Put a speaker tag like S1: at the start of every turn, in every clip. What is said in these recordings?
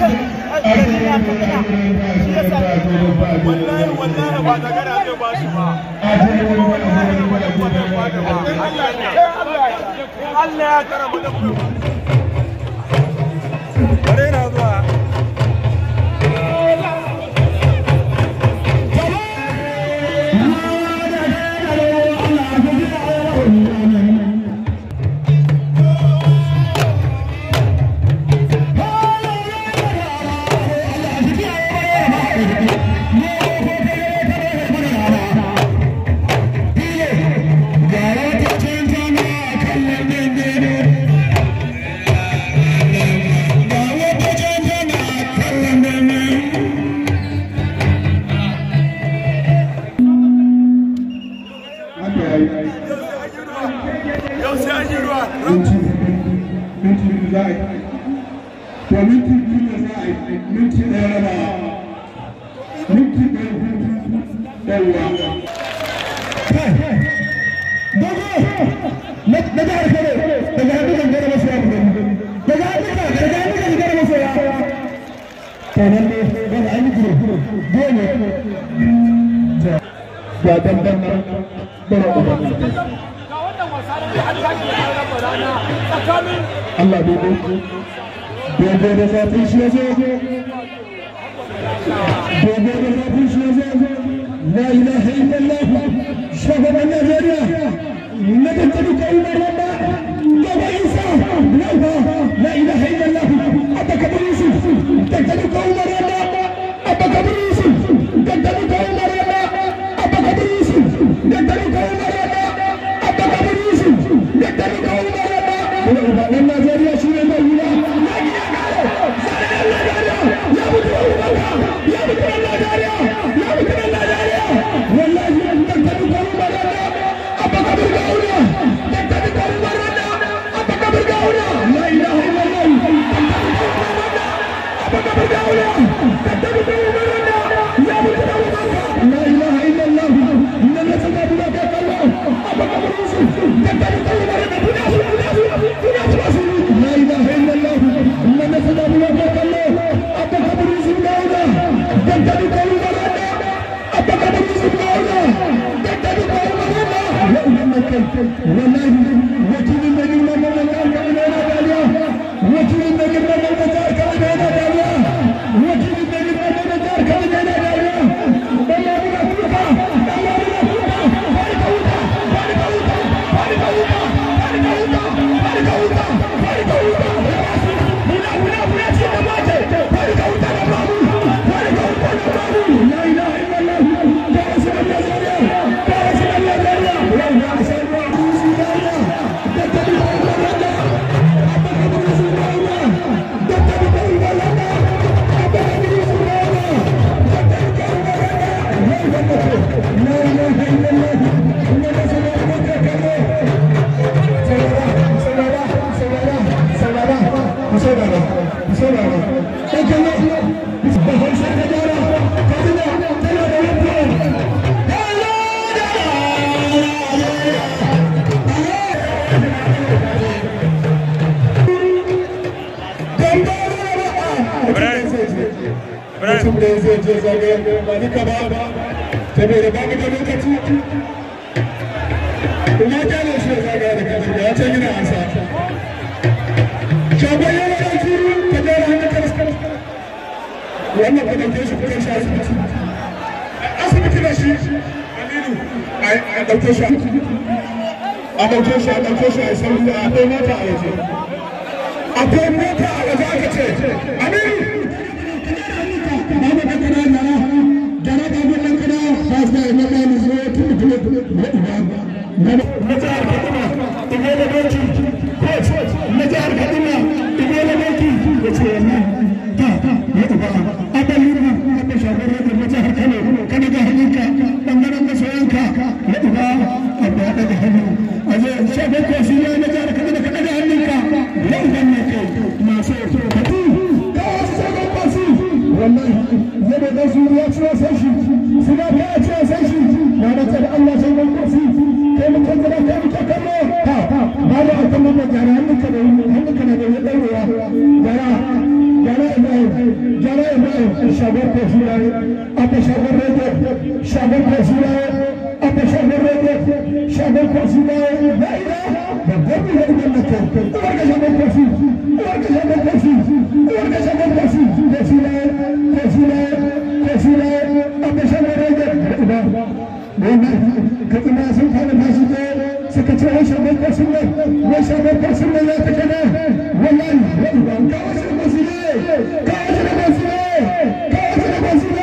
S1: kai alƙarfi na ya sa ba da ba ba Allah ya karama da kuma na zuwa ما تعرف انا تجاهلك انت بس يا تجاهلك تجاهلك انت بس يا تمام بس عيني كده جوه يا دم دم الله بيبوك بيبوك ده زي فيش يا زي بيبوك ده زي فيش يا زي لا اله الا الله شباب النبي لا اله الا الله اتكبر يوسف Ibrahim mutum da zai je zagayen ba duka ba saboda ba mu da lokaci ina kyale shi ya zagaya da kansu da ya ce yana ansa shagon yana da turu ka gyara hannun karskar wannan ka ɗauke shi kuɗin shi asibiti asibiti da shi aminu a ɗauke shi a ɗauke shi a ɗauke shi a sauri a ɗau mota a yaje akwai mota a waje aka ce amin zai da su ya ci wasan shi suna fi ya na da tsada Allah sai mun kursi kai mun kan gaba kai da akan mun jara hannun ka da hannun ka da تعيش أمريكا سنة ليش أمريكا سنة لا تكنا والله كاش المسيح كاش المسيح كاش المسيح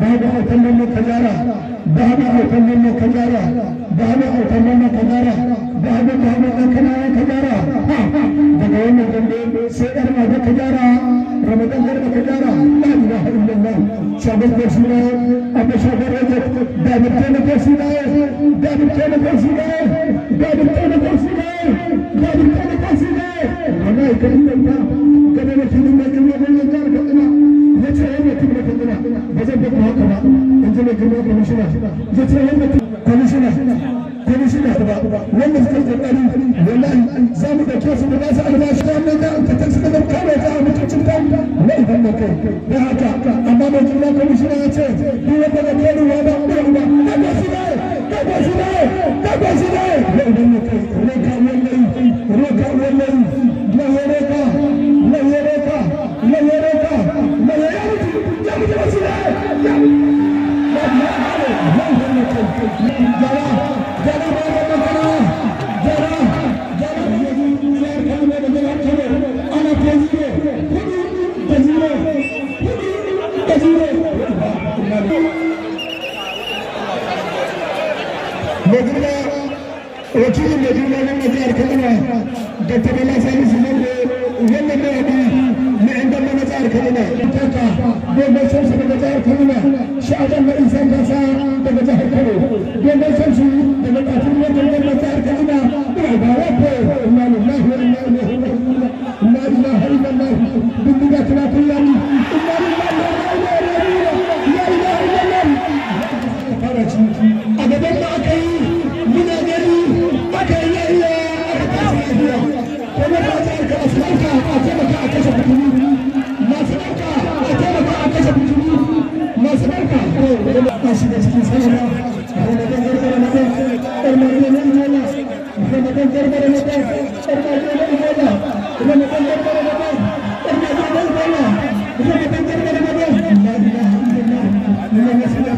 S1: بابا او تمام خجاره بابا او تمام خجاره بابا او تمام خجاره बाबू बाबू रखना है खजारा जगोन जंदे शेर में है खजारा रमदन में खजारा शाबित कर सुनाए अब शाबित है दाबिते ने कर सुनाए दाबिते ने कर सुनाए दाबिते ने कर सुनाए दाबिते ने कर सुनाए मना इकड़ी नहीं था कभी मैं फिल्म में जुमला बोलने का खतना ये चाहिए मैं तुम्हें खतना वजह बहुत खतना इंजन में गिरने का मशीन ये चाहिए मैं wallahi za su ta da ka tafi da ka ba ta mutuncin ta wai ban da kai da haka amma mai da kai ruwa ba da girma wakilin da girma na jihar kaduna da ta bala sani su zango wannan mai haɗi na yan na jihar kaduna taka daga jihar na jihar na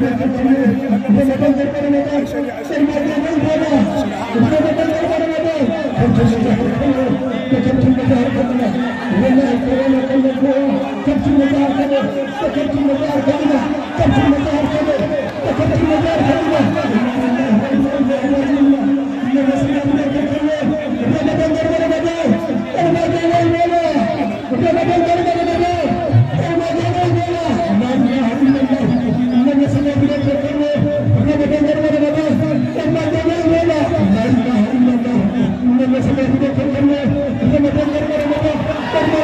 S1: Gracias.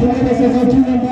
S1: Gracias,